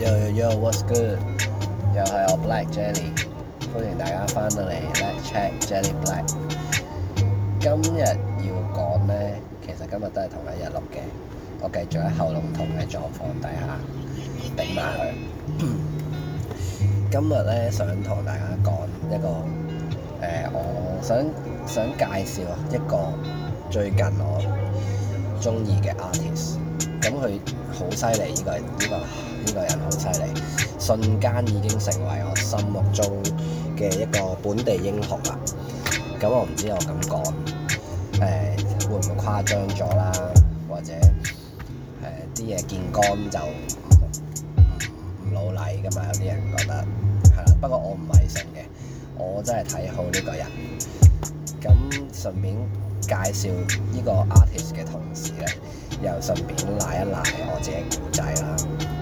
又又又，what's good？又係我 Black Jelly，歡迎大家翻到嚟，let's check Jelly Black。今日要講呢，其實今日都係同一日錄嘅，我繼續喺喉嚨痛嘅狀況底下頂埋去。今日咧想同大家講一個誒，我想想介紹一個最近我中意嘅 artist，咁佢好犀利，呢個呢個。呢個人好犀利，瞬間已經成為我心目中嘅一個本地英雄啦。咁我唔知我咁講誒會唔會誇張咗啦，或者誒啲嘢見光就唔唔老禮噶嘛？有啲人覺得係啦，不過我唔係信嘅，我真係睇好呢個人。咁、嗯、順便介紹呢個 artist 嘅同時咧，又順便賴一賴我自己古仔啦。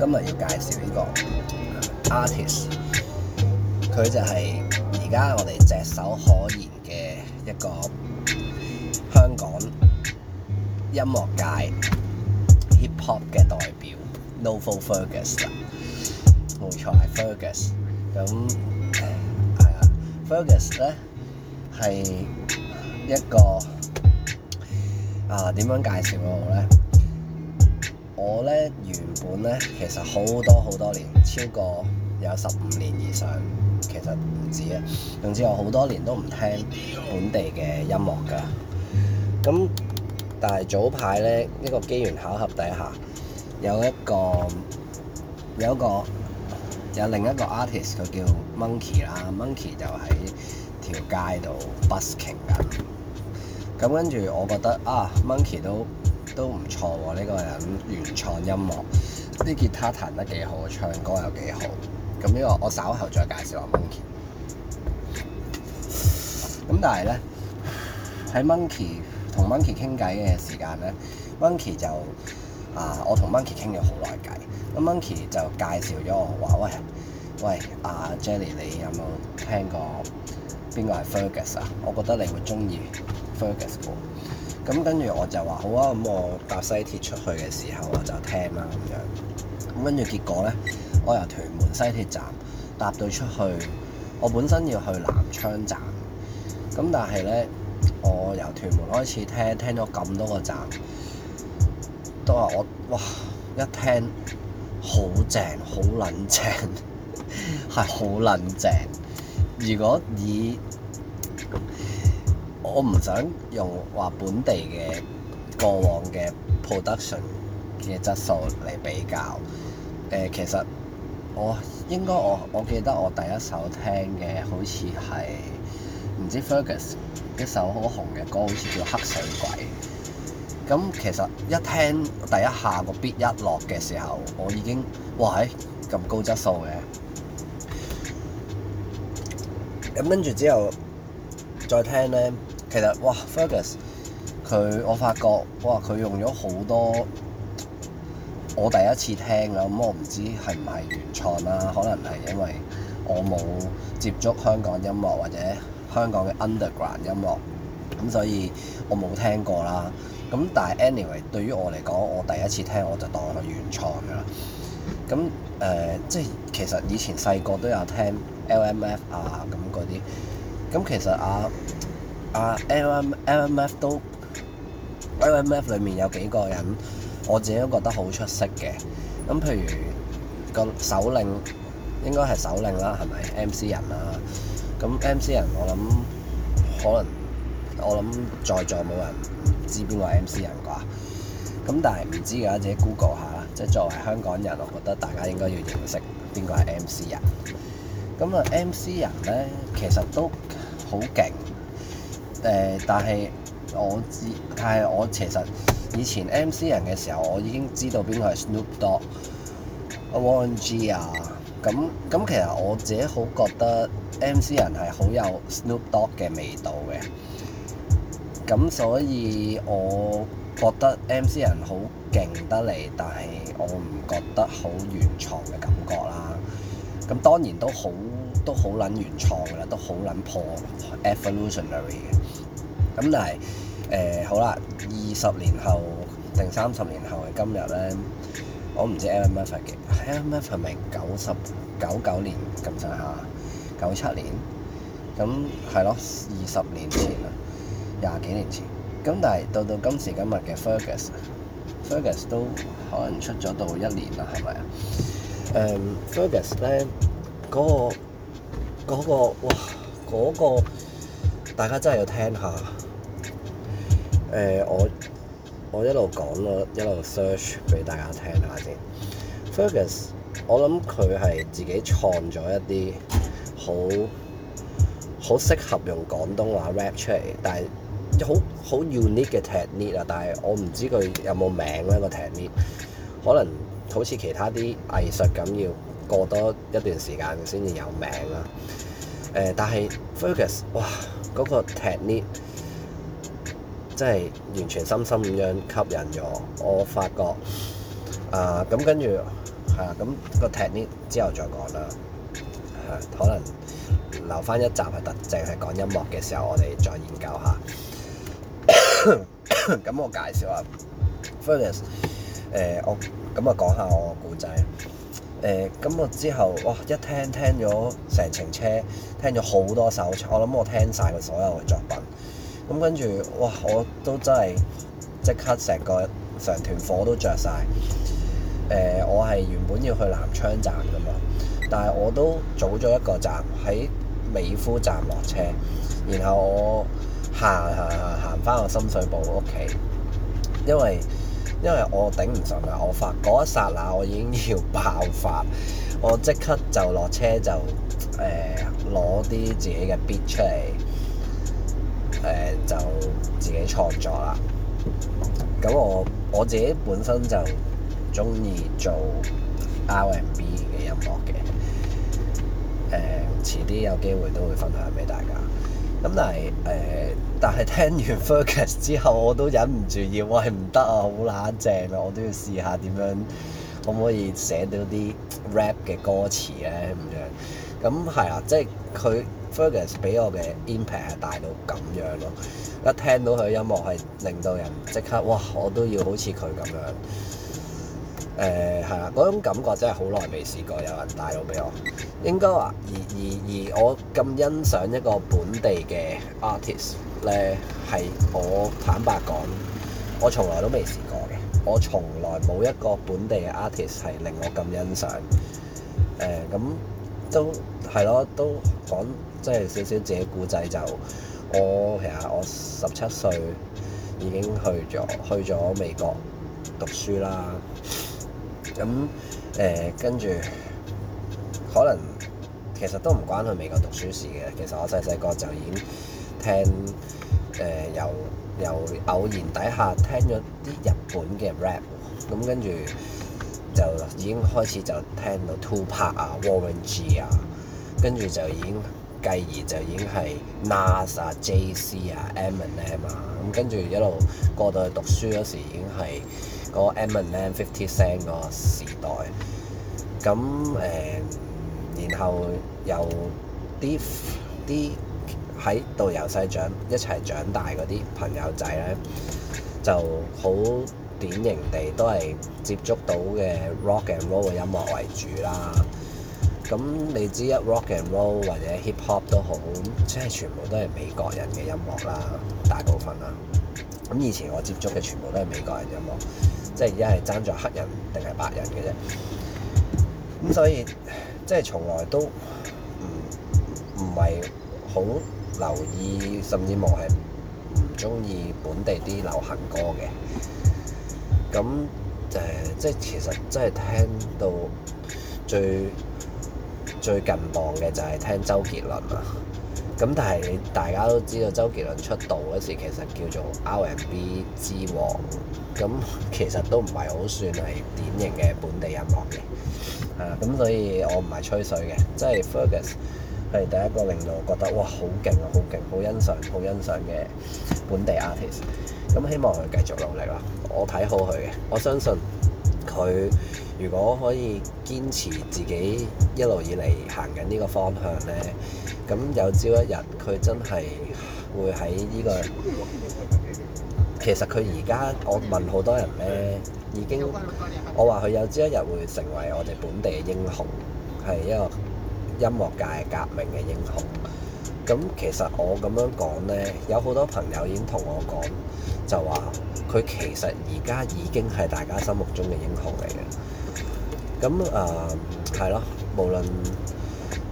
今日要介紹呢個 artist，佢就係而家我哋隻手可言嘅一個香港音樂界 hip hop 嘅代表 Novel Fergus，冇錯係 Fergus。咁係啊，Fergus 咧，係一個啊點樣介紹我咧？我咧原本咧，其實好多好多年，超過有十五年以上，其實唔止啊。總之我好多年都唔聽本地嘅音樂噶。咁但係早排咧，呢、呢個機緣巧合底下，有一個有一個有另一個 artist，佢叫 Monkey 啦，Monkey 就喺條街度 busking 噶。咁跟住我覺得啊，Monkey 都～都唔錯喎，呢個人原創音樂，啲吉他彈得幾好，唱歌又幾好。咁呢個我稍後再介紹吓 Monkey。咁但係咧，喺 Monkey 同 Monkey 傾偈嘅時間咧，Monkey 就啊，我同 Monkey 傾咗好耐偈。咁 Monkey 就介紹咗我話：喂，喂，阿 Jenny，你有冇聽過邊個係 Fergus 啊？我覺得你會鍾意 Fergus 歌。咁跟住我就話好啊，咁、嗯、我搭西鐵出去嘅時候，我就聽啦咁樣。咁跟住結果呢，我由屯門西鐵站搭到出去，我本身要去南昌站。咁但係呢，我由屯門開始聽，聽咗咁多個站，都話我哇，一聽好正，好撚正，係好撚正。如果以我唔想用話本地嘅過往嘅 production 嘅質素嚟比較。誒、呃，其實我應該我我記得我第一首聽嘅好似係唔知 Fergus 一首好紅嘅歌，好似叫《黑水鬼》。咁、嗯、其實一聽第一下個 beat 一落嘅時候，我已經哇咁、欸、高質素嘅。咁跟住之後再聽咧。其實哇，Fergus 佢我發覺哇，佢用咗好多我第一次聽啊，咁、嗯、我唔知係唔係原創啦，可能係因為我冇接觸香港音樂或者香港嘅 underground 音樂，咁、嗯、所以我冇聽過啦。咁但係 anyway，對於我嚟講，我第一次聽我就當佢原創㗎啦。咁、嗯、誒、呃，即係其實以前細個都有聽 LMF 啊咁嗰啲，咁、嗯、其實啊～啊，L M L M F 都 L M F 裏面有幾個人，我自己都覺得好出色嘅。咁譬如個首領，應該係首領啦，係咪 M C 人啊？咁 M C 人我諗可能我諗在座冇人知邊個係 M C 人啩？咁但係唔知嘅，自己 Google 下啦。即係作為香港人，我覺得大家應該要認識邊個係 M C 人。咁啊，M C 人咧其實都好勁。誒，但係我知，但係我其實以前 MC 人嘅時候，我已經知道邊個係 Snoop Dogg、Warren G 啊。咁咁，其實我自己好覺得 MC 人係好有 Snoop Dogg 嘅味道嘅。咁所以，我覺得 MC 人好勁得嚟，但係我唔覺得好原創嘅感覺啦。咁當然都好。都好撚原創㗎啦，都好撚破 evolutionary 嘅。咁但係誒好啦，二十年後定三十年後嘅今日咧，我唔知 LMF 嘅 LMF 係咪九十九九年咁上下，九七年咁係咯，二十年前啊，廿幾年前。咁但係到到今時今日嘅 Fergus，Fergus 都可能出咗到一年啦，係咪啊？誒、um，Fergus 咧嗰個。嗰個哇，嗰個大家真係要聽下。誒，我我一路講咯，一路 search 俾大家聽下先。Fergus，我諗佢係自己創咗一啲好好適合用廣東話 rap 出嚟，但係好好 unique 嘅 technique 啊！但係我唔知佢有冇名咧個 technique，可能好似其他啲藝術咁要。過多一段時間先至有名啦。誒，但係 Fergus，哇，嗰、那個 technique，真係完全深深咁樣吸引咗。我發覺啊，咁跟住係啊，咁、那個 technique 之後再講啦，啊。可能留翻一集係特淨係講音樂嘅時候，我哋再研究下。咁 我介紹下 Fergus，誒我咁啊講下我故仔。咁、嗯、我之後哇一聽聽咗成程車，聽咗好多首，我諗我聽晒佢所有嘅作品。咁、嗯、跟住哇，我都真係即刻成個成團火都着晒、嗯。我係原本要去南昌站噶嘛，但係我都早咗一個站喺美孚站落車，然後我行行行行返我深水埗屋企，因為。因為我頂唔順㗎，我發嗰一剎那，我已經要爆發，我即刻就落車，就誒攞啲自己嘅 beat 出嚟，誒、呃、就自己創作啦。咁我我自己本身就中意做 R&B 嘅音樂嘅，誒、呃、遲啲有機會都會分享俾大家。咁但係誒、呃，但係聽完 Fergus 之後，我都忍唔住要，我唔得啊，好撚正啊，我都要試下點樣可唔可以寫到啲 rap 嘅歌詞咧咁樣。咁係啊，即係佢 Fergus 俾我嘅 impact 係大到咁樣咯。一聽到佢音樂係令到人即刻，哇！我都要好似佢咁樣。誒係啦，嗰、嗯、種感覺真係好耐未試過，有人帶路俾我。應該話而而而我咁欣賞一個本地嘅 artist 咧，係我坦白講，我從來都未試過嘅。我從來冇一個本地嘅 artist 係令我咁欣賞。誒咁都係咯，都講即係少少自己故仔就我，我其實我十七歲已經去咗去咗美國讀書啦。咁誒跟住可能其實都唔關去美國讀書事嘅。其實我細細個就已經聽誒、呃，由由偶然底下聽咗啲日本嘅 rap，咁跟住就已經開始就聽到 2Pac 啊、Warren G 啊，跟住就已經繼而就已經係 Nas 啊、J C 啊、Eminem 啊，咁跟住一路過到去讀書嗰時已經係。嗰個 Eminem Fifty Cent 個時代，咁誒、呃，然後由啲啲喺度由細長一齊長大嗰啲朋友仔咧，就好典型地都係接觸到嘅 Rock and Roll 嘅音樂為主啦。咁你知一 Rock and Roll 或者 Hip Hop 都好，即係全部都係美國人嘅音樂啦，大部分啦。咁以前我接觸嘅全部都係美國人音樂。即係而家係爭咗黑人定係白人嘅啫，咁所以即係從來都唔唔係好留意，甚至望係唔中意本地啲流行歌嘅。咁誒，即係其實真係聽到最最近播嘅就係聽周杰倫啊。咁但係大家都知道周杰倫出道嗰時其實叫做 R&B 之王，咁其實都唔係好算係典型嘅本地音樂嘅。咁所以我唔係吹水嘅，即係 Fergus 係第一個令到我覺得哇好勁啊，好勁，好欣賞，好欣賞嘅本地 artist。咁希望佢繼續努力啦，我睇好佢嘅，我相信佢。如果可以堅持自己一路以嚟行緊呢個方向呢，咁有朝一日佢真係會喺呢個。其實佢而家我問好多人呢，已經我話佢有朝一日會成為我哋本地嘅英雄，係一個音樂界革命嘅英雄。咁其實我咁樣講呢，有好多朋友已經同我講，就話佢其實而家已經係大家心目中嘅英雄嚟嘅。咁誒係咯，無論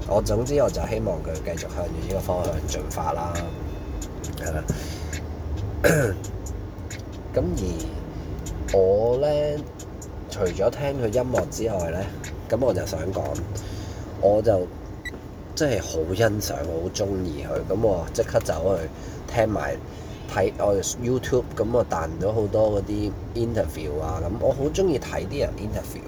我總之我就希望佢繼續向住呢個方向進發啦。係啦，咁 而我咧，除咗聽佢音樂之外咧，咁我就想講，我就真係好欣賞，好中意佢。咁我即刻走去聽埋睇我 YouTube，咁我彈咗好多啲 interview 啊。咁我好中意睇啲人 interview。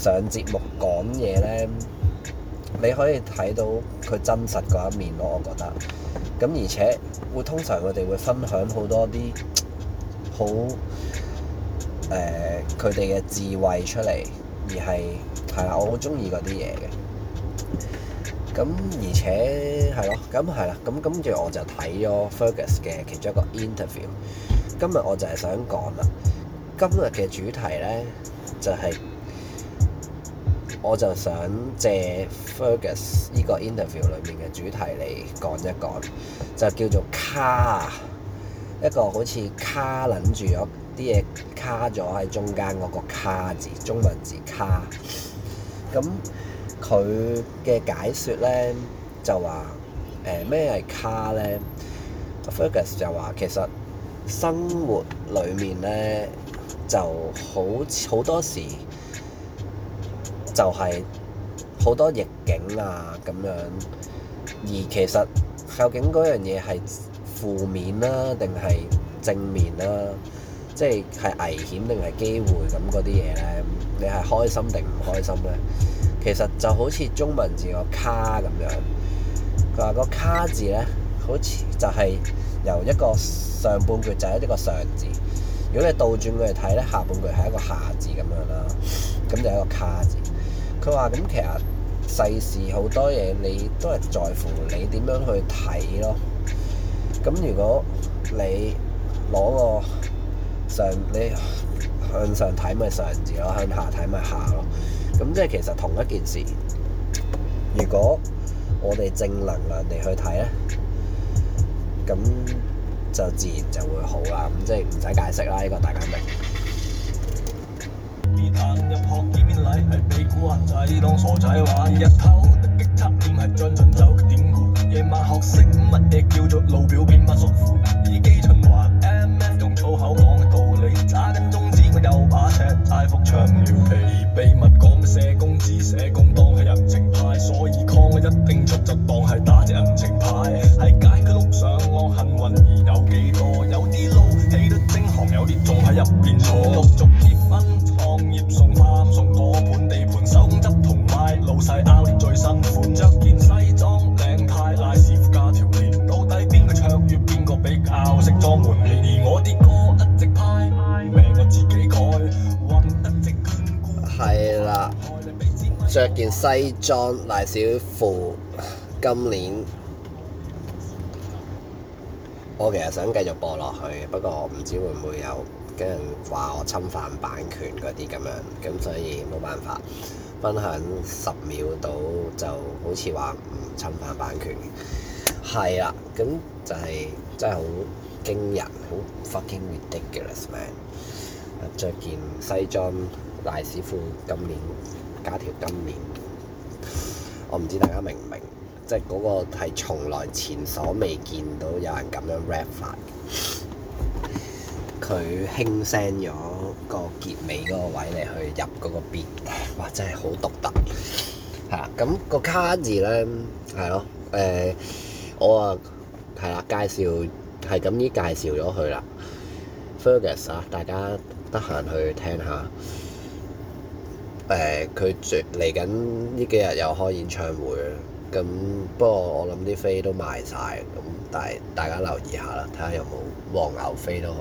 上節目講嘢呢，你可以睇到佢真實嗰一面咯，我覺得。咁而且會通常佢哋會分享多好多啲好誒佢哋嘅智慧出嚟，而係係我好中意嗰啲嘢嘅。咁而且係咯，咁係啦，咁跟住我就睇咗 Fergus 嘅其中一個 interview。今日我就係想講啦，今日嘅主題呢就係、是。我就想借 Fergus 呢個 interview 裏面嘅主題嚟講一講，就叫做卡，一個好似卡撚住咗啲嘢卡咗喺中間嗰個卡字，中文字卡。咁佢嘅解説呢，就話：咩係卡呢？」f e r g u s 就話其實生活裏面呢，就好好多時。就係好多逆境啊，咁樣，而其實究竟樣嘢係負面啦、啊，定係正面啦、啊？即係危險定係機會咁啲嘢咧？你係開心定唔開心咧？其實就好似中文字個卡咁樣。佢話個卡字咧，好似就係由一個上半句就係、是、一個上字。如果你倒轉佢嚟睇咧，下半句係一個下字咁樣啦，咁就一個卡字。佢話：咁其實世事好多嘢，你都係在乎你點樣去睇咯。咁如果你攞個上，你向上睇咪上字咯，向下睇咪下咯。咁即係其實同一件事，如果我哋正能量地去睇咧，咁就自然就會好啦。咁即係唔使解釋啦，呢個大家明。別談入學見面禮係俾古惑仔當傻仔玩，日頭突擊測驗係將進酒嘅典故，夜晚學識乜嘢叫做路。西裝大少褲，金鏈，我其實想繼續播落去，不過我唔知會唔會有啲人話我侵犯版權嗰啲咁樣，咁所以冇辦法分享十秒到就好似話唔侵犯版權嘅。係啊，咁就係真係好驚人，好 fucking ridiculous man。着件西裝大少褲，金鏈，加條金鏈。我唔知大家明唔明，即係嗰個係從來前所未見到有人咁樣 rap 法，佢輕聲咗個結尾嗰個位嚟去入嗰個 beat，哇！真係好獨特係啊。咁個卡字咧，係咯，誒、欸，我啊係啦，介紹係咁依介紹咗佢啦，Fergus 啊，大家得閒去聽下。誒佢嚟緊呢幾日又開演唱會，咁不過我諗啲飛都賣晒，咁但係大家留意下啦，睇下有冇黃牛飛都好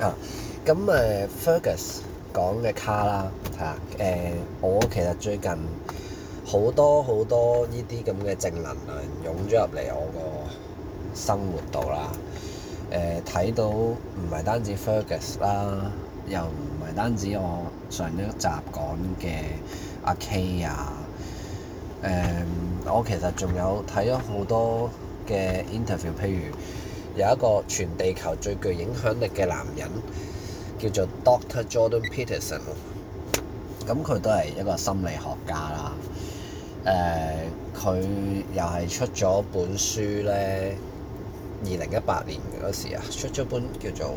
啊，咁誒、啊、Fergus 講嘅卡啦，睇、啊、下、啊、我其實最近好多好多呢啲咁嘅正能量、啊、湧咗入嚟我個生活度啦。誒、啊、睇到唔係單止 Fergus 啦，又唔係單止我。上呢一集講嘅阿 K 啊，誒，um，我其實仲有睇咗好多嘅 interview，譬如有一個全地球最具影響力嘅男人叫做 Dr. Jordan Peterson，咁佢都係一個心理學家啦。誒，佢又係出咗本書咧，二零一八年嗰時啊，出咗本叫做。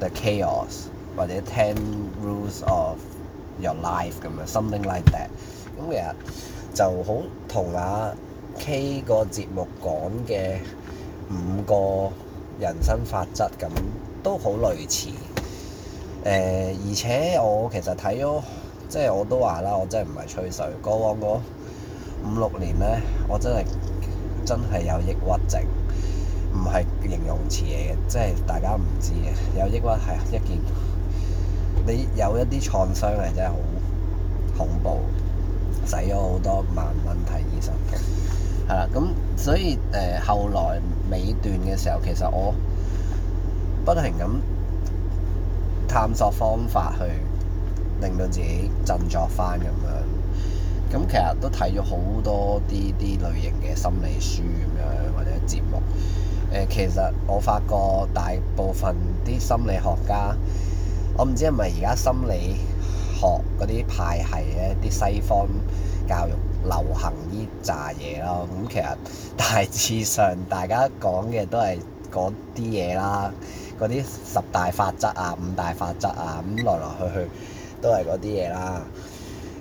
The chaos，或者 Ten Rules of Your Life 咁樣，something like that，咁其實就好同阿 K 個節目講嘅五個人生法則咁，都好類似。誒、呃，而且我其實睇咗，即係我都話啦，我真係唔係吹水。過往嗰五六年咧，我真係真係有抑鬱症。唔係形容詞嚟嘅，即係大家唔知嘅。有抑鬱係一件，你有一啲創傷係真係好恐怖，使咗好多萬蚊睇醫生嘅。係啦，咁所以誒、呃、後來尾段嘅時候，其實我不停咁探索方法去令到自己振作返咁樣。咁其實都睇咗好多啲啲類型嘅心理書咁樣或者節目。誒，其實我發覺大部分啲心理學家，我唔知係咪而家心理學嗰啲派系咧，啲西方教育流行呢扎嘢咯。咁其實大致上大家講嘅都係嗰啲嘢啦，嗰啲十大法則啊、五大法則啊，咁來來去去都係嗰啲嘢啦。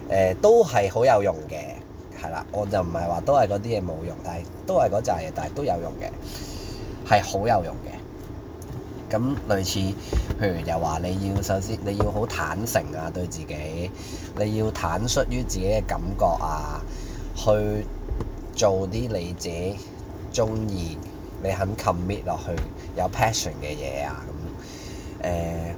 誒，都係好有用嘅，係啦。我就唔係話都係嗰啲嘢冇用，但係都係嗰扎嘢，但係都有用嘅。係好有用嘅，咁類似，譬如又話你要首先你要好坦誠啊，對自己，你要坦率於自己嘅感覺啊，去做啲你自己中意、你肯 commit 落去、有 passion 嘅嘢啊，咁，誒、呃、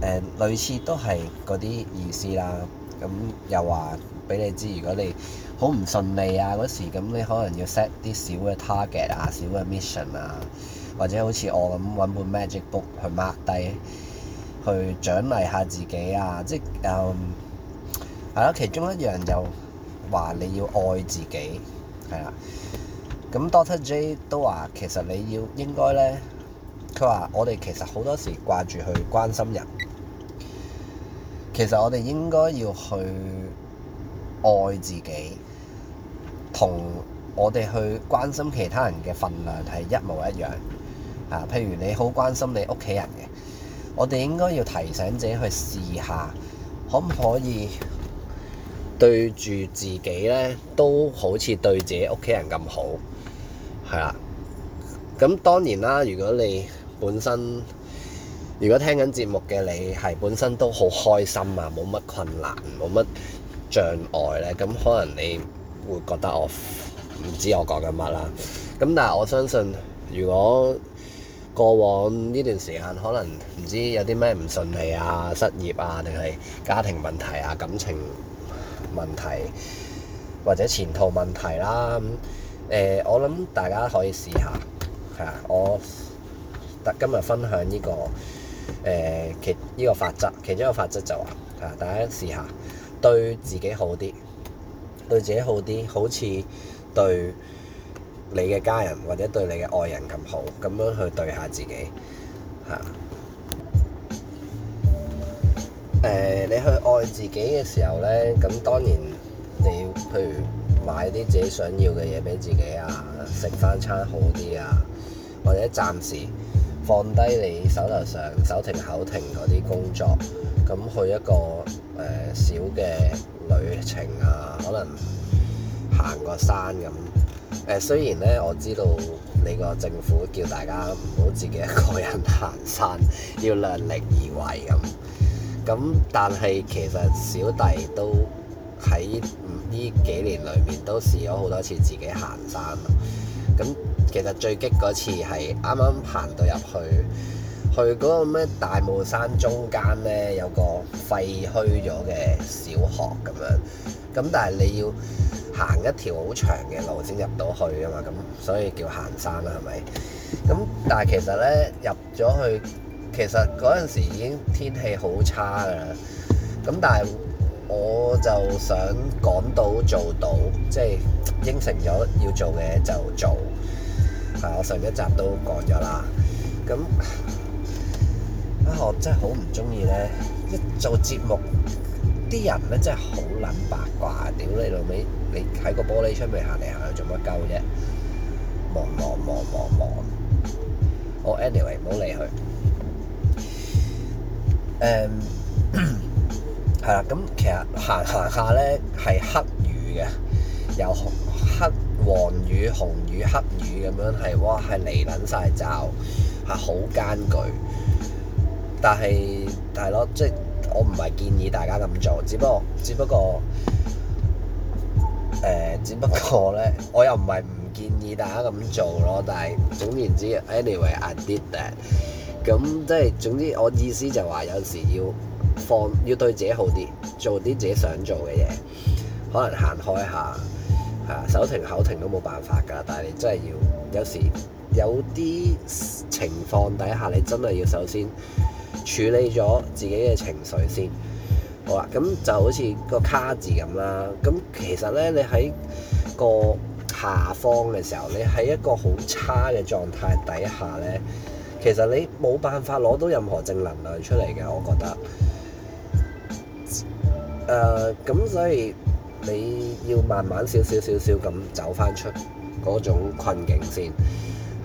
誒、呃、類似都係嗰啲意思啦，咁又話俾你知，如果你好唔順利啊！嗰時咁，你可能要 set 啲小嘅 target 啊、小嘅 mission 啊，或者好似我咁揾本 magic book 去 mark 低，去獎勵下自己啊！即係誒係咯，其中一樣又話你要愛自己，係啦。咁 Doctor J 都話其實你要應該呢，佢話我哋其實好多時掛住去關心人，其實我哋應該要去愛自己。同我哋去關心其他人嘅份量係一模一樣啊！譬如你好關心你屋企人嘅，我哋應該要提醒自己去試下，可唔可以對住自己咧都好似對自己屋企人咁好？係啦，咁當然啦。如果你本身如果聽緊節目嘅你係本身都好開心啊，冇乜困難，冇乜障礙咧，咁可能你會覺得我唔知我講緊乜啦，咁但係我相信，如果過往呢段時間可能唔知有啲咩唔順利啊、失業啊，定係家庭問題啊、感情問題或者前途問題啦、啊，咁、呃、我諗大家可以試下，係啊，我今日分享呢、呢個誒、啊、其呢、呢個法則，其中一個法則就話、是，啊大家試下對自己好啲。對自己好啲，好似對你嘅家人或者對你嘅愛人咁好，咁樣去對下自己吓。誒、啊呃，你去愛自己嘅時候呢，咁當然你譬如買啲自己想要嘅嘢俾自己啊，食返餐好啲啊，或者暫時放低你手頭上手停口停嗰啲工作，咁、啊、去一個誒、呃、小嘅。旅程啊，可能行個山咁。誒，雖然咧我知道你個政府叫大家唔好自己一個人行山，要量力而為咁。咁但係其實小弟都喺呢幾年裏面都試咗好多次自己行山。咁其實最激嗰次係啱啱行到入去。去嗰個咩大霧山中間呢，有個廢墟咗嘅小學咁樣。咁但係你要行一條好長嘅路先入到去啊嘛，咁所以叫行山啦，係咪？咁但係其實呢，入咗去，其實嗰陣時已經天氣好差㗎啦。咁但係我就想講到做到，即係應承咗要做嘅就做。係我上一集都講咗啦。咁。啊、我真係好唔中意咧，一做節目啲人咧真係好撚八卦，屌你老味，你喺個玻璃窗邊行嚟行去做乜鳩啫？望望望望望！我、oh, anyway 唔好理佢。誒、um，係 啦，咁其實行行下咧係黑雨嘅，有黑黃雨、紅雨、黑雨咁樣係哇，係嚟撚晒罩，係好艱巨。但係，係咯，即係我唔係建議大家咁做，只不過，只不過，誒、呃，只不過咧，我又唔係唔建議大家咁做咯。但係總言之，anyway，I did that。咁即係總之，我意思就係話有時要放，要對自己好啲，做啲自己想做嘅嘢。可能行開下，係手停口停都冇辦法㗎。但係你真係要，有時有啲情況底下，你真係要首先。處理咗自己嘅情緒先，好啦，咁就好似個卡字咁啦。咁其實呢，你喺個下方嘅時候，你喺一個好差嘅狀態底下呢，其實你冇辦法攞到任何正能量出嚟嘅。我覺得，誒、uh, 咁所以你要慢慢少少少少咁走翻出嗰種困境先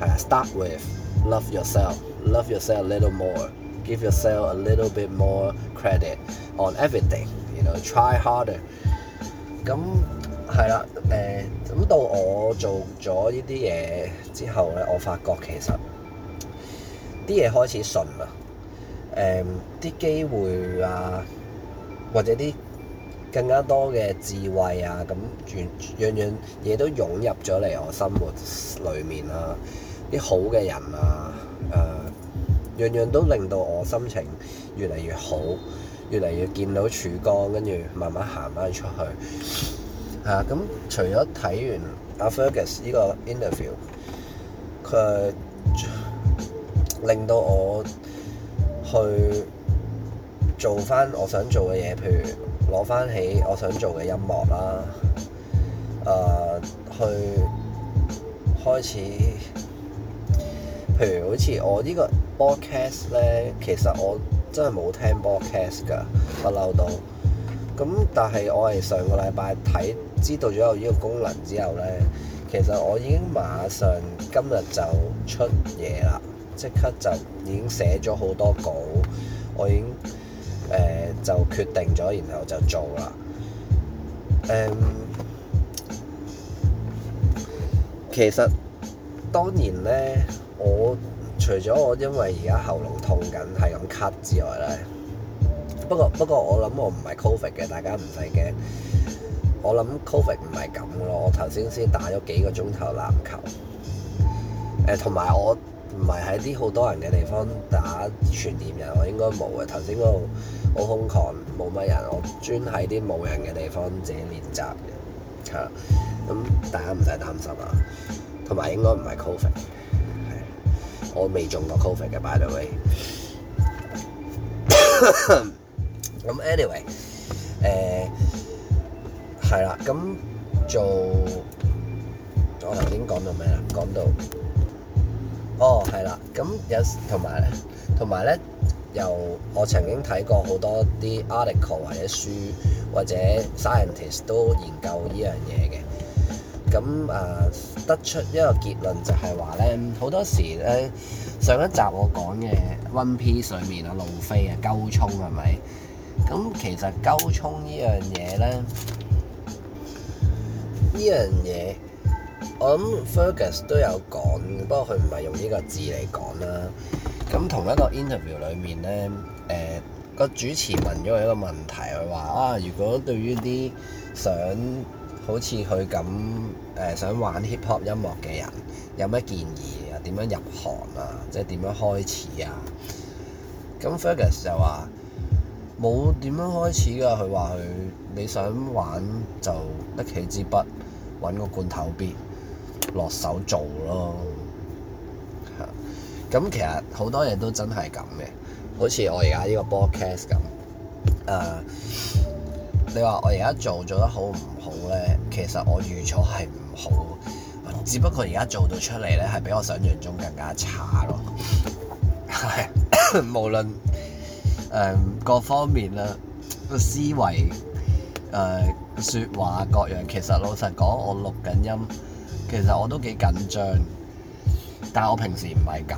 yeah, Start with love yourself, love yourself a little more. Give yourself a little bit more credit on everything，you know，try harder。咁係啦，誒、嗯，咁到我做咗呢啲嘢之後咧，我發覺其實啲嘢開始順啦，誒、嗯，啲機會啊，或者啲更加多嘅智慧啊，咁、嗯、樣樣嘢都湧入咗嚟我生活裏面啊，啲好嘅人啊，誒、嗯。樣樣都令到我心情越嚟越好，越嚟越見到曙光，跟住慢慢行翻出去嚇。咁、啊、除咗睇完阿 Fergus 呢個 interview，佢令到我去做翻我想做嘅嘢，譬如攞翻起我想做嘅音樂啦，誒、啊、去開始。譬如好似我個呢個 broadcast 咧，其實我真係冇聽 broadcast 㗎，不嬲到。咁但係我係上個禮拜睇知道咗有呢個功能之後咧，其實我已經馬上今日就出嘢啦，即刻就已經寫咗好多稿，我已經誒、呃、就決定咗，然後就做啦。誒、嗯，其實當年咧。我除咗我因為而家喉嚨痛緊，係咁咳之外咧，不過不過我諗我唔係 COVID 嘅，大家唔使驚。我諗 COVID 唔係咁咯。我頭先先打咗幾個鐘頭籃球，誒同埋我唔係喺啲好多人嘅地方打全連人，我應該冇嘅。頭先嗰度好空曠，冇乜人，我專喺啲冇人嘅地方自己練習嘅，係、嗯、啦。咁大家唔使擔心啊，同埋應該唔係 COVID。我未中過 COVID 嘅，by the way anyway,、呃。咁，anyway，誒，係啦，咁做我頭先講到咩啦？講到哦，係啦，咁有同埋，同埋咧，由我曾經睇過好多啲 article 或者書或者 scientist 都研究呢樣嘢嘅。咁誒、啊、得出一個結論就係話咧，好多時咧上一集我講嘅《One Piece》裏面啊，路飛啊，溝通係咪？咁其實溝通呢樣嘢咧，呢樣嘢我諗 Fergus 都有講，不過佢唔係用呢個字嚟講啦。咁同一個 interview 裏面咧，誒、呃、個主持問咗佢一個問題，佢話啊，如果對於啲想好似佢咁誒想玩 Hip Hop 音樂嘅人，有咩建議啊？點樣入行？啊？即係點樣開始啊？咁 Fergus 就話冇點樣開始㗎。佢話佢你想玩就得起支筆，搵個罐頭 B 落手做咯，咁、啊、其實好多嘢都真係咁嘅，好似我而家呢個 broadcast 咁誒。啊。你話我而家做做得好唔好呢？其實我預咗係唔好，只不過而家做到出嚟呢係比我想像中更加差咯。係， 無論、呃、各方面啦，個思維誒、呃、説話各樣，其實老實講，我錄緊音，其實我都幾緊張。但係我平時唔係咁，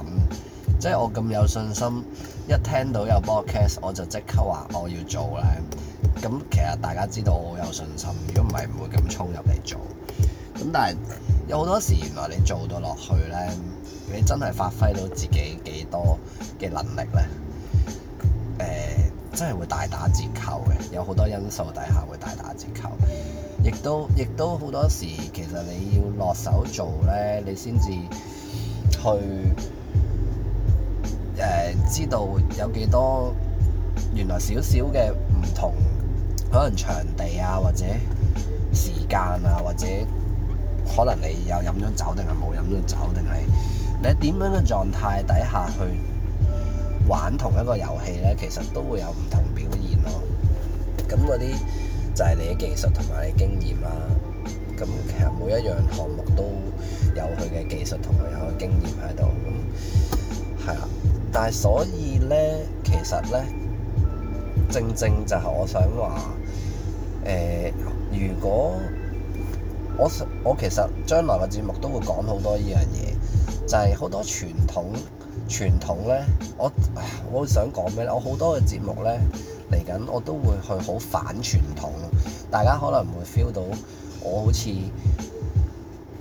即係我咁有信心，一聽到有 broadcast 我就即刻話我要做咧。咁其實大家知道我好有信心，如果唔係唔會咁衝入嚟做。咁但係有好多時，原來你做到落去呢，你真係發揮到自己幾多嘅能力呢？呃、真係會大打折扣嘅，有好多因素底下會大打折扣。亦都亦都好多時，其實你要落手做呢，你先至去誒、呃、知道有幾多原來少少嘅唔同。可能場地啊，或者時間啊，或者可能你有飲咗酒定係冇飲咗酒，定係你點樣嘅狀態底下去玩同一個遊戲呢？其實都會有唔同表現咯。咁嗰啲就係你嘅技術同埋你經驗啦、啊。咁其實每一樣項目都有佢嘅技術同埋有佢經驗喺度。咁係啦，但係所以呢，其實呢。正正就係我想話，誒、欸，如果我我其實將來嘅節目都會講好多呢樣嘢，就係、是、好多傳統傳統咧，我我會想講咩咧？我好多嘅節目咧嚟緊我都會去好反傳統，大家可能會 feel 到我好似，即、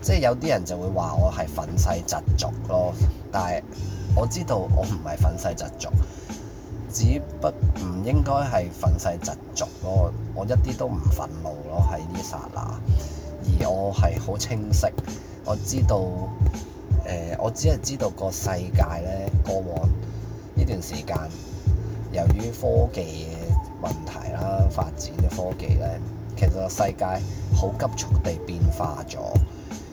就、係、是、有啲人就會話我係粉細疾俗咯，但係我知道我唔係憤世嫉俗。只不唔應該係憤世嫉俗咯，我一啲都唔憤怒咯喺呢剎那，而我係好清晰，我知道誒、呃，我只係知道個世界咧過往呢段時間，由於科技嘅問題啦，發展嘅科技咧，其實個世界好急速地變化咗，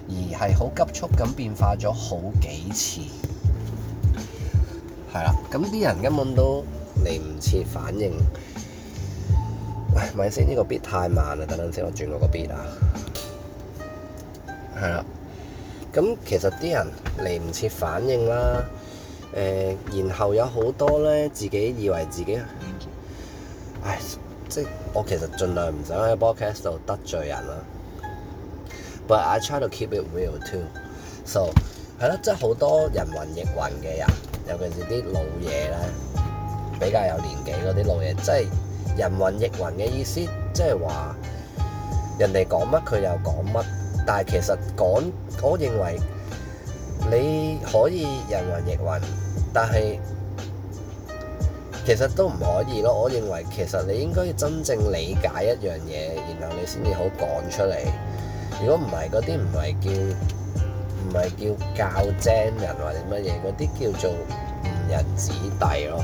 而係好急速咁變化咗好幾次，係啦。咁啲人根本都～嚟唔切反應，咪先呢個 beat 太慢啦，等等先，我轉個個 beat 啊，係啦。咁其實啲人嚟唔切反應啦，誒、呃，然後有好多咧，自己以為自己，唉 Thank you.、哎，即係我其實盡量唔想喺 Podcast 度得罪人啦。But I try to keep it real too. So 係啦，即係好多人云亦云嘅人，尤其是啲老嘢咧。比較有年紀嗰啲老嘢，即係人云亦云嘅意思，即係話人哋講乜佢又講乜。但係其實講，我認為你可以人云亦云，但係其實都唔可以咯。我認為其實你應該要真正理解一樣嘢，然後你先至好講出嚟。如果唔係嗰啲唔係叫唔係叫教精人或者乜嘢嗰啲，叫做誤人子弟咯。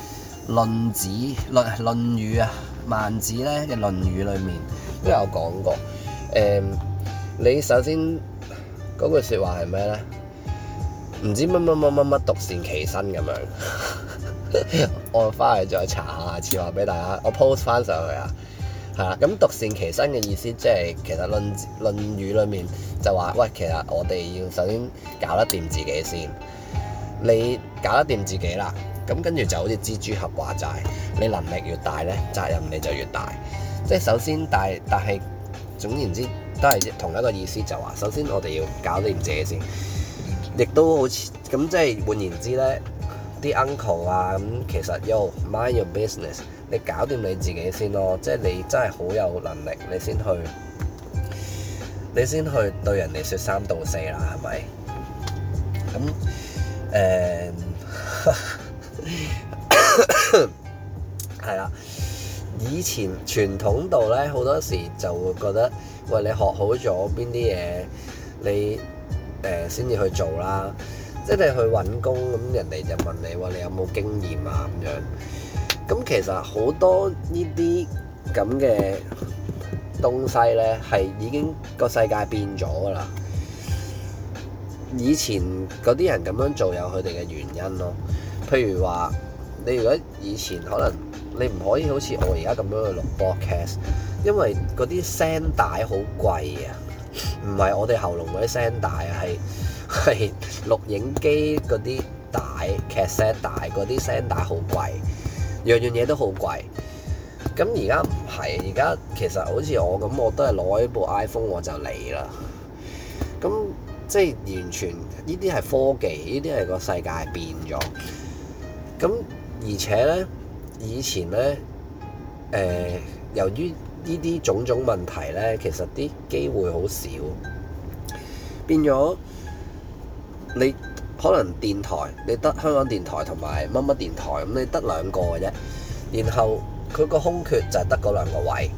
《論子》《論論語》啊，《孟子》咧嘅《論語，啊》裏面都有講過。誒、嗯，你首先嗰句説話係咩咧？唔知乜乜乜乜乜獨善其身咁樣， 我翻去再查下字幕俾大家，我 post 翻上去啊。係啦，咁獨善其身嘅意思，就是，即係其實論《論論語》裏面就話，喂，其實我哋要首先要搞得掂自己先。你搞得掂自己啦。咁跟住就好似蜘蛛俠話齋，你能力越大咧，責任你就越大。即係首先，但係但係總言之，都係同一個意思，就話、是、首先我哋要搞掂自己先。亦都好似咁，即係換言之咧，啲 uncle 啊咁，其實 you mind your business，你搞掂你自己先咯。即係你真係好有能力，你先去，你先去對人哋説三道四啦，係咪？咁誒。呃 係啦， 以前傳統度咧，好多時就會覺得，喂，你學好咗邊啲嘢，你誒先至去做啦。即係你去搵工，咁人哋就問你，喂，你有冇經驗啊？咁樣。咁其實好多呢啲咁嘅東西咧，係已經個世界變咗噶啦。以前嗰啲人咁樣做，有佢哋嘅原因咯。譬如話。你如果以前可能你唔可以好似我而家咁樣去錄 broadcast 因為嗰啲聲帶好貴啊，唔係我哋喉嚨嗰啲聲帶，係係錄影機嗰啲帶 cassette 帶嗰啲聲帶好貴，樣樣嘢都好貴。咁而家唔係，而家其實好似我咁，我都係攞一部 iPhone 我就嚟啦。咁即係完全呢啲係科技，呢啲係個世界係變咗。咁而且呢，以前呢，誒、呃，由於呢啲種種問題呢，其實啲機會好少，變咗你可能電台，你得香港電台同埋乜乜電台，咁你得兩個嘅啫。然後佢個空缺就係得嗰兩個位，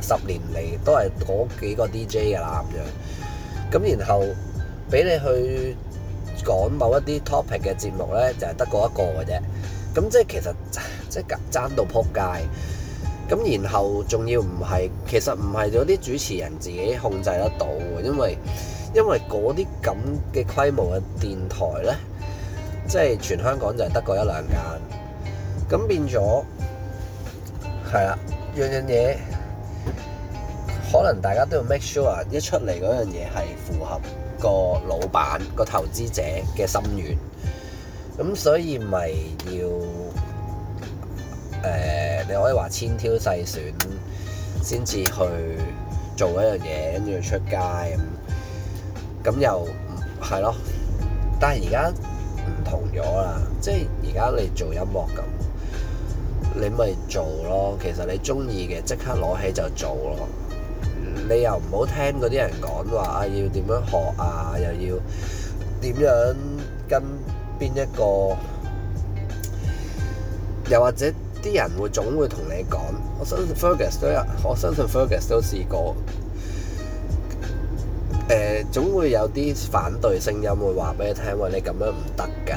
十年嚟都係嗰幾個 DJ 㗎喇，咁樣。咁然後俾你去講某一啲 topic 嘅節目呢，就係得嗰一個嘅啫。咁即係其實即係爭爭到撲街，咁然後仲要唔係，其實唔係嗰啲主持人自己控制得到，因為因為嗰啲咁嘅規模嘅電台呢，即係全香港就係得個一兩間，咁變咗係啦，樣樣嘢可能大家都要 make sure 一出嚟嗰樣嘢係符合個老闆個投資者嘅心願。咁所以咪要誒、呃，你可以話千挑細選先至去做一樣嘢，跟住出街咁。咁又唔係咯？但係而家唔同咗啦，即係而家你做音樂咁，你咪做咯。其實你中意嘅即刻攞起就做咯。你又唔好聽嗰啲人講話，啊，要點樣學啊，又要點樣跟。邊一個？又或者啲人會總會同你講，我相信 Fergus 都有，我相信 Fergus 都試過。誒、呃，總會有啲反對聲音會話俾你聽，喂，你咁樣唔得㗎。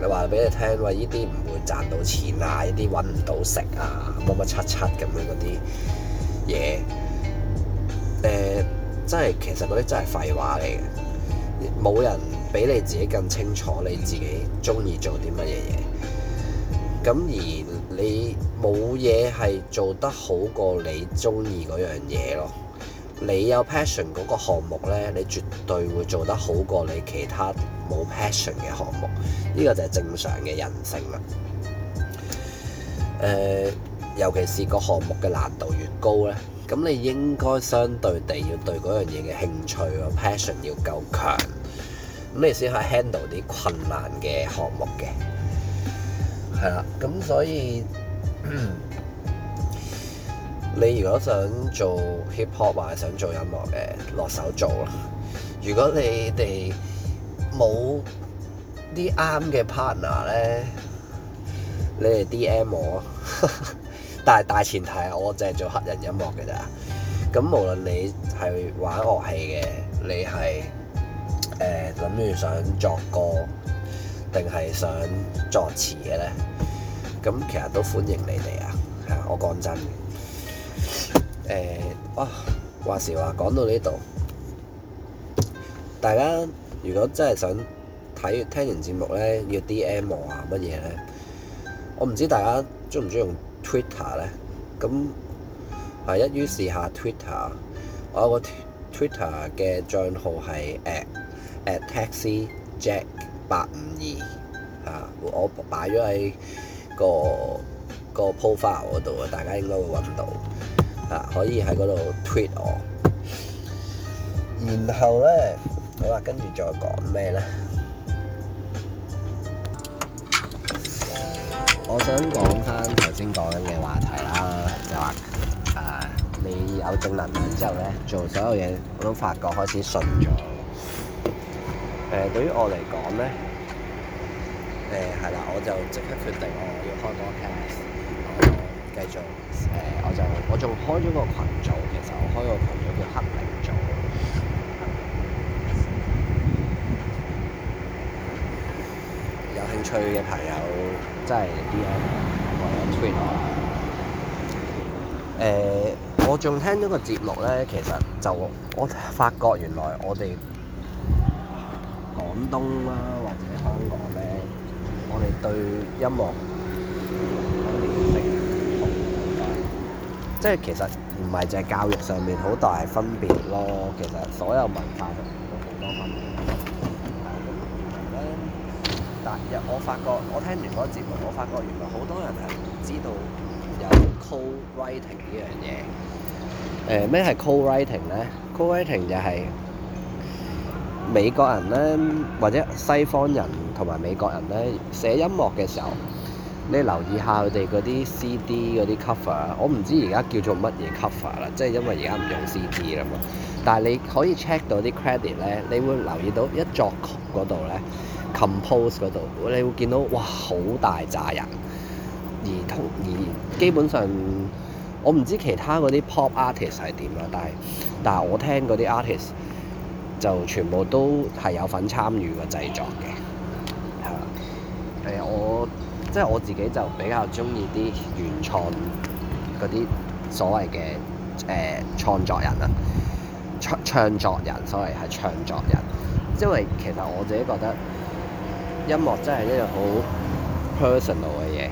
你話俾你聽，喂，呢啲唔會賺到錢啊，呢啲搵唔到食啊，乜乜七七咁樣嗰啲嘢。誒、呃，真係其實嗰啲真係廢話嚟嘅。冇人比你自己更清楚你自己中意做啲乜嘢嘢，咁而你冇嘢係做得好過你中意嗰樣嘢咯。你有 passion 嗰個項目呢，你絕對會做得好過你其他冇 passion 嘅項目。呢、這個就係正常嘅人性啦。誒、呃，尤其是個項目嘅難度越高呢，咁你應該相對地要對嗰樣嘢嘅興趣個 passion 要夠強，咁你先可以 handle 啲困難嘅項目嘅。係啦，咁所以、嗯、你如果想做 hip hop 或者想做音樂嘅，落手做啦。如果你哋冇啲啱嘅 partner 咧，你哋 DM 我。 但係大前提係我淨係做黑人音樂嘅咋。咁無論你係玩樂器嘅，你係誒諗住想作歌定係想作詞嘅咧，咁其實都歡迎你哋啊！係啊，我講真嘅、呃、哇話時話講到呢度，大家如果真係想睇聽完節目咧，要 DM 我啊乜嘢咧，我唔知大家中唔中意用。Twitter 咧，咁啊一於試下 Twitter，我有個 Twitter 嘅帳號係 at at taxi jack 八五二啊，我擺咗喺個、個個 profile 嗰度啊，大家應該會揾到啊，可以喺嗰度 tweet 我。然後咧，你話跟住再講咩咧？我想講返頭先講嘅話題啦，就話、啊、你有正能量之後咧，做所有嘢我都發覺開始順咗。誒、呃，對於我嚟講咧，誒、呃、係啦，我就即刻決定我要開個 cast，我繼續誒、呃，我就我仲開咗個群組，其實我開個群組叫黑名組，有興趣嘅朋友。即係 DM 或者 Twitter。誒、欸，我仲聽咗個節目呢，其實就我發覺原來我哋廣東啦、啊、或者香港呢、啊，我哋對音樂嘅認識好， 即係其實唔係淨係教育上面好大分別咯。其實所有文化同文化都好多分別。我發覺，我聽完嗰節目，我發覺原來好多人係唔知道有 co-writing、呃、呢樣嘢。咩係 co-writing 呢？co-writing 就係美國人呢，或者西方人同埋美國人呢，寫音樂嘅時候，你留意下佢哋嗰啲 CD 嗰啲 cover，我唔知而家叫做乜嘢 cover 啦，即係因為而家唔用 CD 啦嘛。但係你可以 check 到啲 credit 呢，你會留意到一作曲嗰度呢。Compose 嗰度，你會見到哇，好大扎人，而同而基本上，我唔知其他嗰啲 pop artist 係點咯，但係但係我聽嗰啲 artist 就全部都係有份參與個製作嘅嚇。誒，我即係我自己就比較中意啲原創嗰啲所謂嘅誒、欸、創作人啊，唱唱作人，所謂係唱作人，因為其實我自己覺得。音樂真係一樣好 personal 嘅嘢，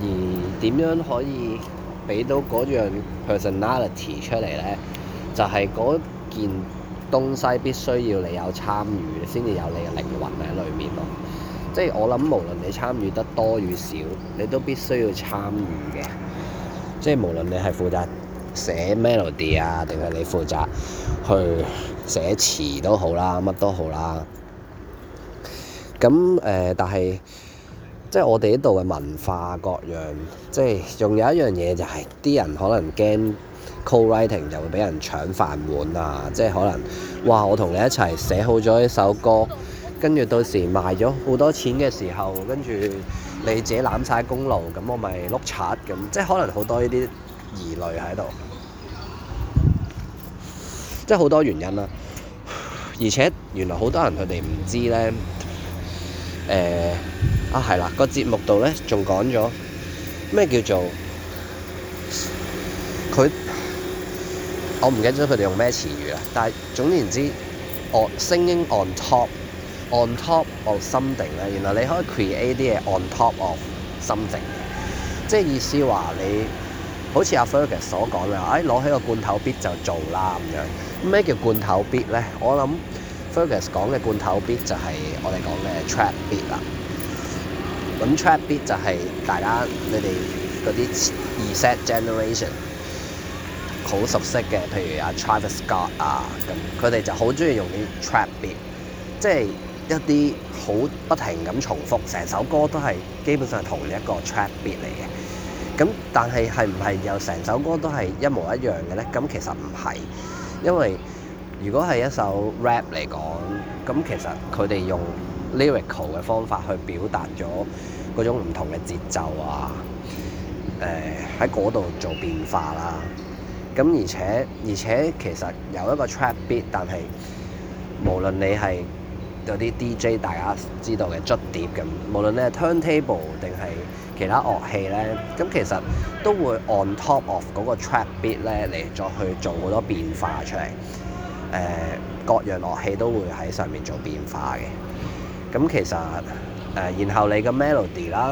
而點樣可以俾到嗰樣 personality 出嚟呢？就係嗰件東西必須要你有參與先至有你嘅靈魂喺裏面咯。即係我諗，無論你參與得多與少，你都必須要參與嘅。即係無論你係負責寫 melody 啊，定係你負責去寫詞都好啦，乜都好啦。咁誒、呃，但係即係我哋呢度嘅文化各樣，即係仲有一樣嘢就係、係、啲人可能驚 co-writing 就會俾人搶飯碗啊！即係可能哇，我同你一齊寫好咗一首歌，跟住到時賣咗好多錢嘅時候，跟住你自己攬晒功勞，咁我咪碌柒咁，即係可能好多呢啲疑慮喺度，即係好多原因啊，而且原來好多人佢哋唔知呢。誒、嗯、啊係啦，個節目度咧仲講咗咩叫做佢？我唔記得咗佢哋用咩詞語啦。但係總言之，on 聲音 on top on top of something 啦。原來你可以 create 啲嘢 on top of something，即係意思話你，好似阿 Fergus 所講嘅：哎「唉，攞起個罐頭 bit 就做啦咁樣。咩叫罐頭 bit 咧？我諗。Focus 講嘅罐頭 beat 就係我哋講嘅 trap beat 啦。咁 trap beat 就係大家你哋嗰啲 reset generation 好熟悉嘅，譬如阿 Travis Scott 啊咁，佢哋就好中意用啲 trap beat，即係一啲好不停咁重複，成首歌都係基本上係同一個 trap beat 嚟嘅。咁但係係唔係又成首歌都係一模一樣嘅咧？咁其實唔係，因為如果係一首 rap 嚟講，咁其實佢哋用 lyrical 嘅方法去表達咗嗰種唔同嘅節奏啊。誒喺嗰度做變化啦。咁而且而且其實有一個 trap beat，但係無論你係有啲 DJ 大家知道嘅捽碟咁，無論你係 turntable 定係其他樂器咧，咁其實都會 on top of 嗰個 trap beat 咧嚟再去做好多變化出嚟。誒各樣樂器都會喺上面做變化嘅，咁其實誒、呃，然後你嘅 melody 啦，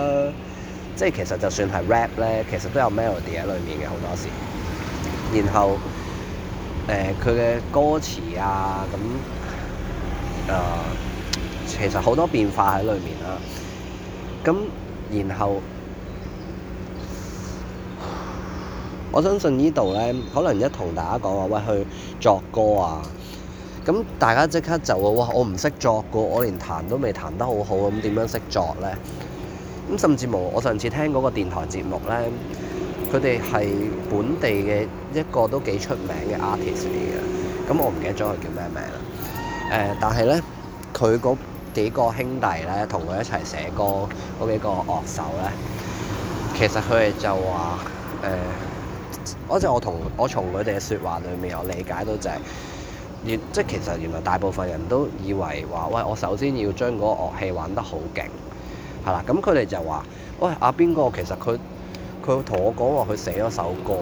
即係其實就算係 rap 咧，其實都有 melody 喺裡面嘅好多時，然後誒佢嘅歌詞啊，咁誒、呃、其實好多變化喺裡面啦，咁然後。我相信呢度呢，可能一同大家講話喂去作歌啊，咁大家即刻就話：我唔識作歌，我連彈都未彈得好好，咁點樣識作呢？咁甚至冇。我上次聽嗰個電台節目呢，佢哋係本地嘅一個都幾出名嘅 artist 嚟嘅。咁我唔記得咗佢叫咩名啦。呃，但係呢，佢嗰幾個兄弟呢，同佢一齊寫歌嗰幾個樂手呢，其實佢哋就話嗰陣，我同我從佢哋嘅説話裏面，我理解到就係、原，即係其實原來大部分人都以為話，喂，我首先要將嗰個樂器玩得好勁，係啦。咁佢哋就話，喂，阿、啊、邊個其實佢佢同我講話，佢寫咗首歌。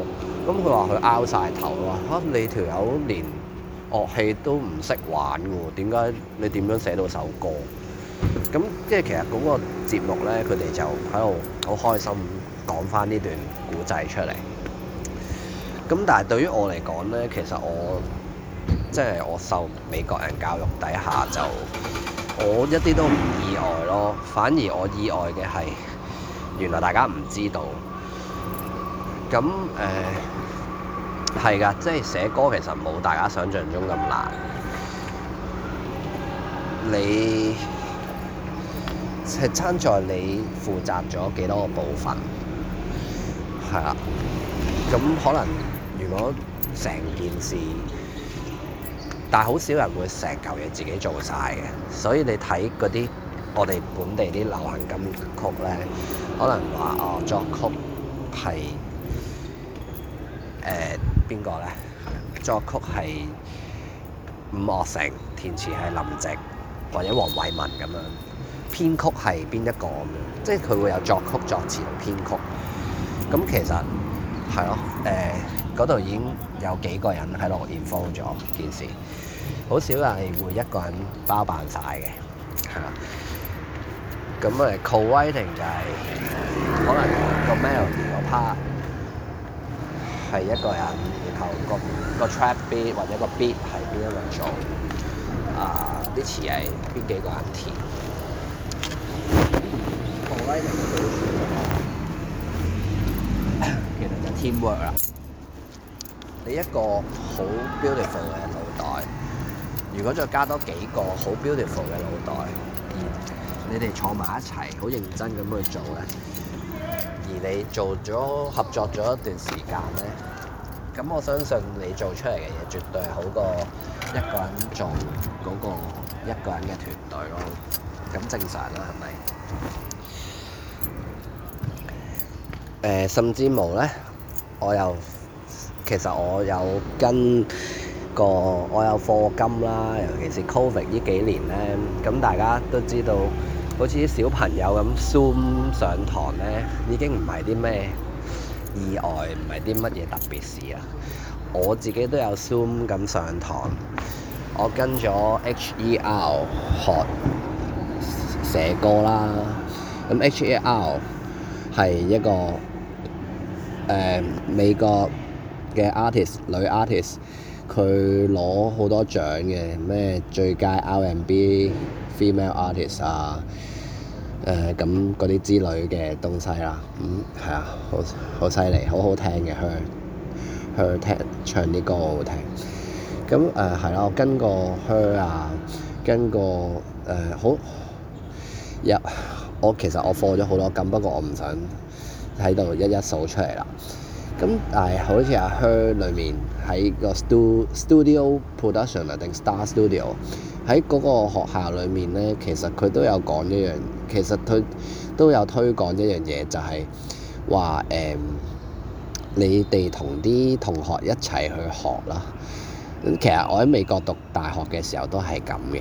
咁佢話佢拗晒頭，話嚇、啊、你條友連樂器都唔識玩㗎喎，點解你點樣寫到首歌？咁即係其實嗰個節目咧，佢哋就喺度好開心講翻呢段古仔出嚟。咁但係對於我嚟講呢，其實我即係我受美國人教育底下，就我一啲都唔意外咯。反而我意外嘅係，原來大家唔知道。咁誒係㗎，即係寫歌其實冇大家想像中咁難。你係參賽，你負責咗幾多個部分？係啊，咁可能。我成件事，但係好少人會成嚿嘢自己做晒嘅，所以你睇嗰啲我哋本地啲流行金曲咧，可能話哦作曲係誒邊個咧？作曲係伍樂城、填詞係林夕或者黃偉文咁樣，編曲係邊一個咁樣？即係佢會有作曲、作詞同編曲。咁其實係咯，誒、啊。呃嗰度已經有幾個人喺度聯防咗件事，好少人會一個人包辦晒嘅嚇。咁啊，co-writing 就係、係、可能、個 melody 個 part 係一個人，然、那、後個、個 trap beat 或者個 beat 係邊一個人做啊？啲詞係邊幾個人填？co-writing 其實就 teamwork 啦。你一個好 beautiful 嘅腦袋，如果再加多幾個好 beautiful 嘅腦袋，而你哋坐埋一齊，好認真咁去做咧。而你做咗合作咗一段時間咧，咁我相信你做出嚟嘅嘢絕對好過一個人做嗰個一個人嘅團隊咯。咁正常啦，係咪？誒、呃，甚至無咧，我又。其實我有跟過我有課金啦，尤其是 Covid 呢幾年咧，咁大家都知道，好似啲小朋友咁 Zoom 上堂咧，已經唔係啲咩意外，唔係啲乜嘢特別事啊！我自己都有 Zoom 咁上堂，我跟咗 H E R 學寫歌啦。咁 H E R 係一個誒、呃、美國。嘅 artist 女 artist，佢攞好多獎嘅，咩最佳 R&B female artist 啊，咁嗰啲之類嘅東西啦、啊，咁、嗯、係啊，好好犀利，好好聽嘅，her her 佢佢聽唱啲歌好好聽，咁誒係啦，我跟個 her 啊，跟個誒、呃、好入，yeah，我其實我放咗好多金，不過我唔想喺度一一數出嚟啦。咁但係好似阿 Herr，裏面喺個 studio studio production 定 star studio 喺嗰個學校裏面呢，其實佢都有講一樣，其實佢都有推廣一樣嘢，就係話誒，你哋同啲同學一齊去學啦。其實我喺美國讀大學嘅時候都係咁嘅。誒、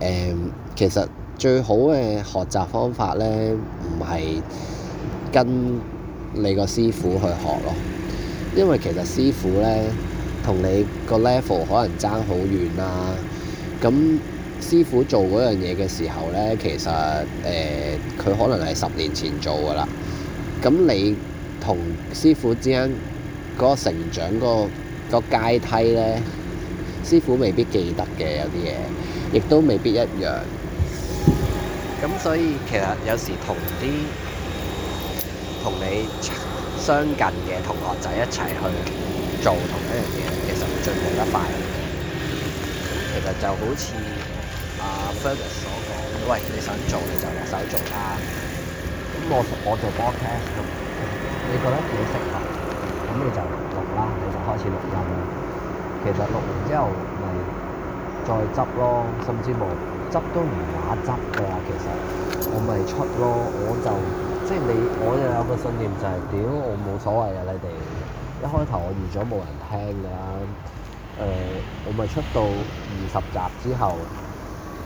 嗯，其實最好嘅學習方法呢，唔係跟你個師傅去學咯，因為其實師傅呢，同你個 level 可能爭好遠啦、啊。咁師傅做嗰樣嘢嘅時候呢，其實誒佢、呃、可能係十年前做噶啦。咁你同師傅之間嗰個成長嗰個、個階梯呢，師傅未必記得嘅有啲嘢，亦都未必一樣。咁所以其實有時同啲同你相近嘅同學仔一齊去做同一樣嘢，其實會進步得快。其實就好似阿 Fergus 所講，喂，你想做你就落手做啦。咁、嗯、我我做 podcast，你覺得幾適合？咁你就錄啦，你就開始錄音。其實錄完之後咪再執咯，甚至冇執都唔話執嘅，其實我咪出咯，我就。即係你，我又有個信念就係、是、屌、哎，我冇所謂啊！你哋一開頭我預咗冇人聽㗎，誒、呃，我咪出到二十集之後，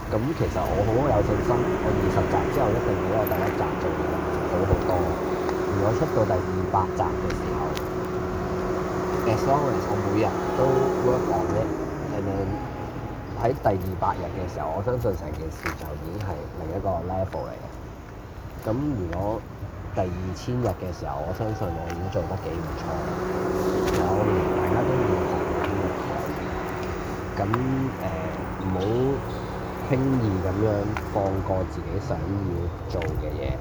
咁其實我好有信心，我二十集之後一定比我第一集做得好好多。如果出到第二百集嘅時候，As long as，我每日都都一樣啫，係咪？喺第二百日嘅時候，我相信成件事就已經係另一個 level 嚟嘅。咁如果，第二千日嘅時候，我相信我已經做得幾唔錯。有大家都要同埋努力，咁誒唔好輕易咁樣放過自己想要做嘅嘢，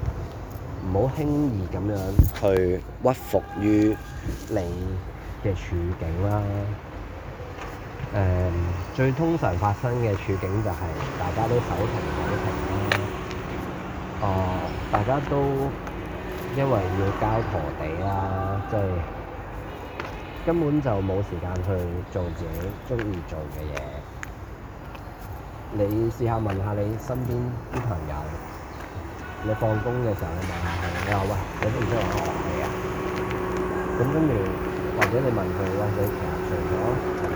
唔好輕易咁樣去屈服於你嘅處境啦。誒、啊呃，最通常發生嘅處境就係大家都手停口停啦，哦、呃，大家都～因為要交婆地啊，即係根本就冇時間去做自己中意做嘅嘢。你試下問下你身邊啲朋友，你放工嘅時候你問下佢，你話喂你啲唔中意學嘢啊？咁跟住或者你問佢咧，你其實除咗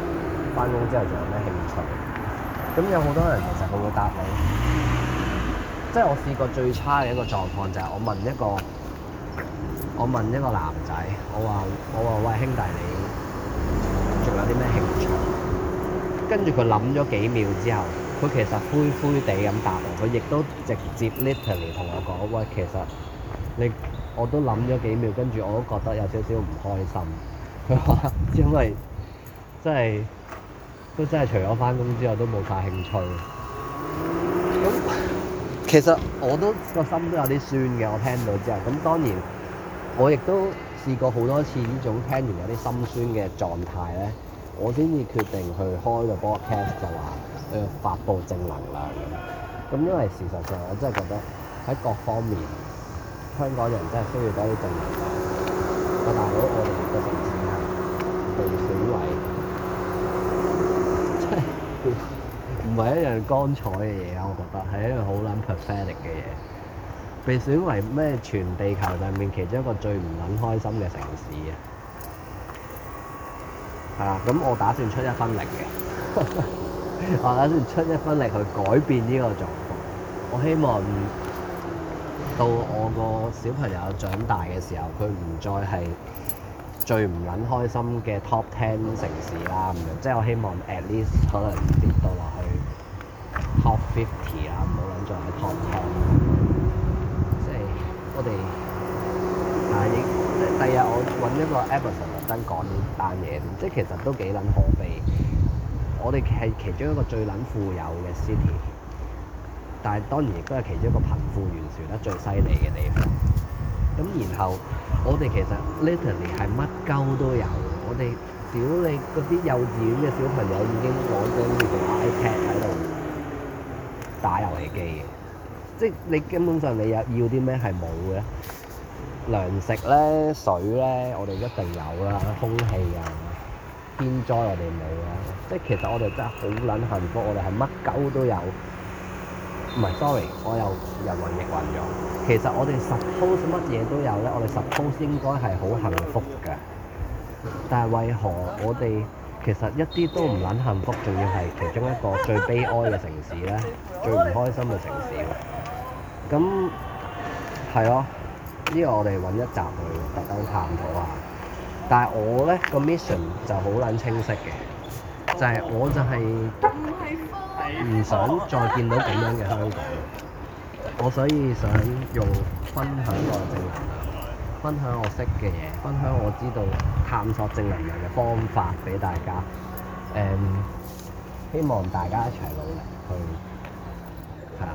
翻工之後仲有咩興趣？咁有好多人其實佢會,會答你，即係我試過最差嘅一個狀況就係我問一個。我問一個男仔，我話我話喂兄弟，你仲有啲咩興趣？跟住佢諗咗幾秒之後，佢其實灰灰地咁答我，佢亦都直接 literally 同我講：喂，其實你我都諗咗幾秒，跟住我都覺得有少少唔開心。佢話因為真係都真係除咗返工之後，都冇晒興趣。咁其實我都個心都有啲酸嘅，我聽到之後。咁當然。我亦都試過好多次呢種聽完有啲心酸嘅狀態咧，我先至決定去開個 broadcast 就話誒、呃、發佈正能量咁。咁、嗯、因為事實上我真係覺得喺各方面香港人真係需要多啲正能量。個大佬我哋個城市係被毀壞，即係唔係一樣光彩嘅嘢啊！我覺得係一樣好撚 perfect 嘅嘢。被選為咩？全地球上面其中一個最唔撚開心嘅城市啊！係、啊、啦，咁我打算出一分力嘅， 我打算出一分力去改變呢個狀況。我希望到我個小朋友長大嘅時候，佢唔再係最唔撚開心嘅 Top Ten 城市啦。咁樣 即係我希望 At least 可能跌到落去 Top Fifty 啦，唔好諗再係 Top Ten。我哋啊，亦第日我揾一個 Evan 特登講呢單嘢，即係其實都幾撚可悲。我哋係其中一個最撚富有嘅 city，但係當然亦都係其中一個貧富懸殊得最犀利嘅地方。咁然後我哋其實 literally 係乜鳩都有，我哋屌你嗰啲幼稚園嘅小朋友已經攞咗呢個 iPad 喺度打遊戲機。即係你根本上你要有要啲咩係冇嘅？糧食咧、水咧，我哋一定有啦。空氣啊，天災我哋冇啊。即係其實我哋真係好撚幸福，我哋係乜鳩都有。唔係，sorry，我又人云亦云咗。其實我哋十鋪乜嘢都有咧，我哋十鋪應該係好幸福㗎。但係為何我哋其實一啲都唔撚幸福，仲要係其中一個最悲哀嘅城市咧，最唔開心嘅城市？咁係咯，呢、這個我哋揾一集去特登探討下。但係我咧個 mission 就好撚清晰嘅，就係、是、我就係唔想再見到咁樣嘅香港。我所以想用分享我嘅正能量、分享我識嘅嘢，分享我知道探索正能量嘅方法俾大家。誒、嗯，希望大家一齊努力去嚇。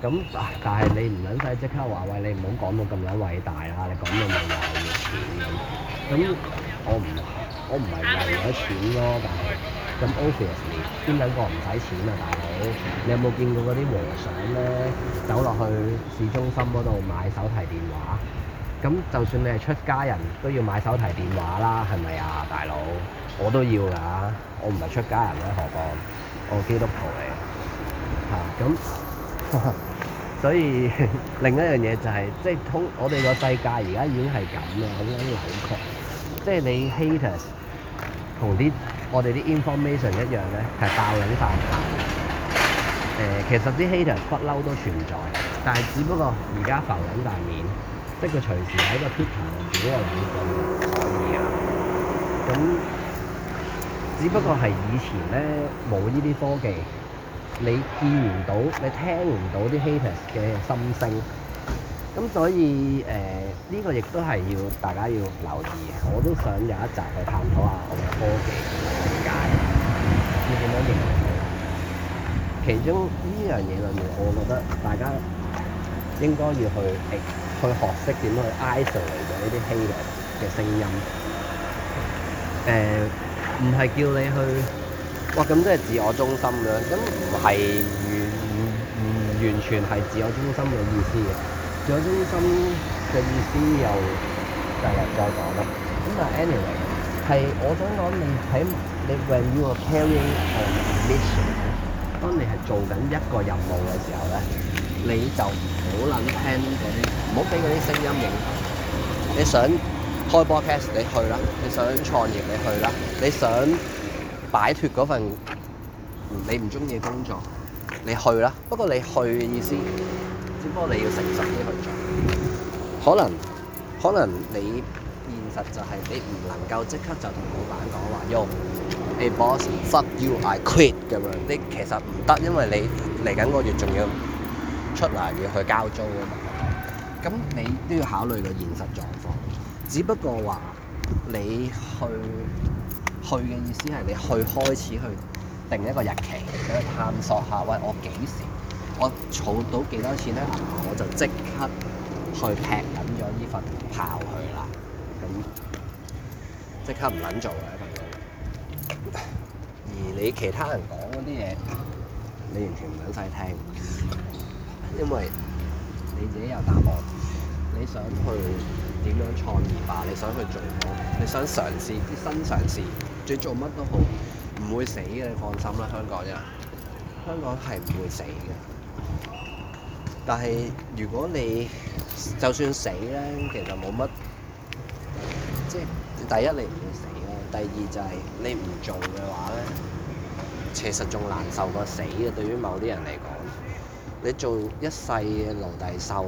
咁、嗯、但係你唔撚使即刻話，喂，你唔好講到咁樣偉大啦！你講到咪又要錢咁、嗯，我唔我唔係為咗錢咯，大佬。咁 obvious 邊兩個唔使錢啊，大佬？你有冇見過嗰啲和尚咧走落去市中心嗰度買手提電話？咁、嗯、就算你係出家人都要買手提電話啦，係咪啊，大佬？我都要㗎、啊，我唔係出家人咧、啊，何況我，我基督徒嚟，嚇、嗯、咁。嗯嗯嗯嗯所以另一樣嘢就係，即係通我哋個世界而家已經係咁啦，咁樣好強。即係你 haters 同啲我哋啲 information 一樣咧，係爆緊曬。誒，其實啲 haters 不嬲都存在，但係只不過而家浮緊大面，即係佢隨時喺個 Twitter 入面見到嘅嘢。咁，只不過係以前咧冇呢啲科技。你見唔到，你聽唔到啲 haters 嘅心聲，咁所以誒呢、呃呢個亦都係要大家要留意嘅。我都想有一集去探討下我科技點解要點樣應用。其中呢樣嘢裏面，我覺得大家應該要去去學識點去 isolate 呢啲 haters 嘅聲音。誒、呃，唔係叫你去。哇，咁即係自我中心啦，咁唔係完唔完全係自我中心嘅意思嘅。自我中心嘅意思又第日再講啦。咁但係 anyway，係我想講你喺你 when you are carrying a mission 咧，當你係做緊一個任務嘅時候咧，你就唔好諗聽嗰啲，唔好俾嗰啲聲音影響。你想開播 cast，你去啦；你想創業，你去啦；你想。擺脫嗰份你唔中意嘅工作，你去啦。不過你去嘅意思，只不過你要誠實啲去做。可能可能你現實就係你唔能夠即刻就同老闆講話，Yo A boss fuck you I quit 咁樣。你其實唔得，因為你嚟緊個月仲要出糧要去交租啊嘛。咁你都要考慮個現實狀況。只不過話你去。去嘅意思係你去開始去定一個日期，你去探索下喂我幾時我儲到幾多錢咧，我就即刻去劈緊咗呢份炮去啦。咁即刻唔撚做啦呢份嘢。 而你其他人講嗰啲嘢，你完全唔撚使聽，因為你自己有答案。你想去點樣創業吧？你想去做乜？你想嘗試啲新嘗試？你做乜都好，唔會死嘅，你放心啦，香港人，香港係唔會死嘅。但係如果你就算死咧，其實冇乜，即係第一你唔會死啦，第二就係、是、你唔做嘅話咧，其實仲難受過死嘅。對於某啲人嚟講，你做一世嘅奴隸獸，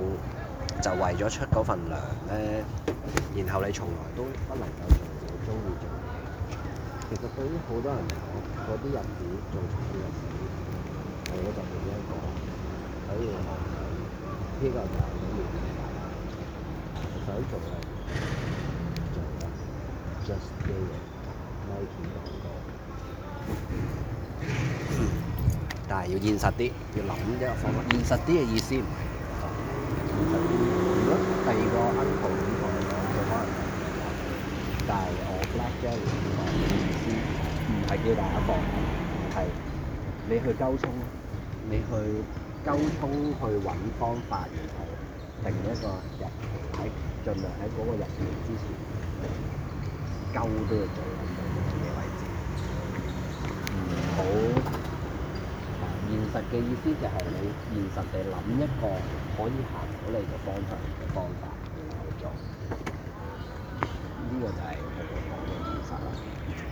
就為咗出嗰份糧咧、呃，然後你從來都不能夠。其實對於好多人嚟講，嗰啲日子做唔到日子，我就咁樣講，所以、嗯、我比較就係呢樣嘢，我想做係做緊 just doing，拉、嗯、但係要現實啲，要諗啲方法，現實啲嘅意、啊、意思。嗯、現實如果第二個 uncle 平台咧，就可能，但係我叻啫，唔講。係幾大一個？係你去溝通，你去溝通去揾方法，然後定一個日喺盡量喺嗰個日期之前，都要夠到你嘅位置。唔好、啊、現實嘅意思就係你現實地諗一個可以行到你嘅方向嘅方法去做。呢、這個就係一哋方嘅嘅選擇。